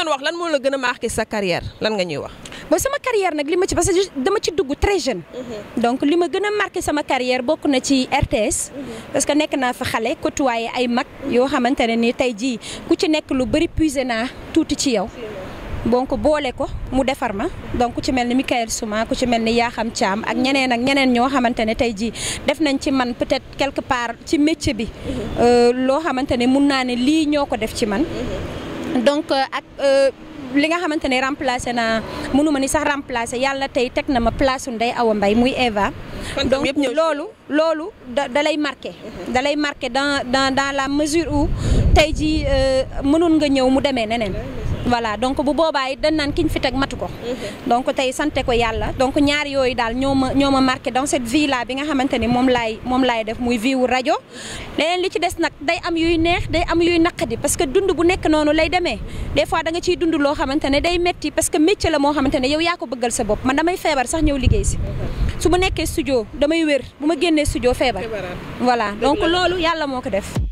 doon wax lan mo la gëna marqué sa carrière lan nga ñuy wax. bo sama carrière nak lima ci parce que dama ci dugg très jeune. Mhm. donc lima gëna marqué sama carrière bokku na ci RTS. Mhm. parce que nek na fa xale côtoyé ay mag. yo xamantene ni tay ji ku ci nek lu bari puiser na tout ci yow. donc bolé ko mu défar ma donc ci melni Michael Souma ku ci melni Ya Yakham Cham ak ñeneen ak ñeneen ño xamantene ne ji def nañ ci man peut-être quelque part ci métier bi. Mhm. euh lo ne mun naa ne lii def ci man. donc euh, ak euh, li nga xamante ne remplacé naa mënuma ni sax remplacé yàlla tey teg na ma place Ndeye Awa mbay muy Eva donc loolu loolu da da lay marqué mhm. da lay dans dans dans la mesure où tey jii euh, mënoon nga ñëw mu demee neneen voilà donc bu boobaa it dañ naan kiñ fi teg matu ko mhm. donc tey sante ko yàlla donc ñaari yooyu daal ñoo ma ñoo ma marqué dans cette villa bi nga xamante ni moom lay moom laay def muy vie wu rajo leen li ci des nag day am yuy neex day am yuy naqadi parce que dund bu nekk noonu lay demee des fois da ciy dund loo xamante ne day metti parce que métier la moo xamante ne yow yaa ko bëggal sa bopp man damay feebar sax ñëw liggéey si su ma nekkee studio damay wér bu ma génnee studio feebar voilà donc loolu yàlla moo ko def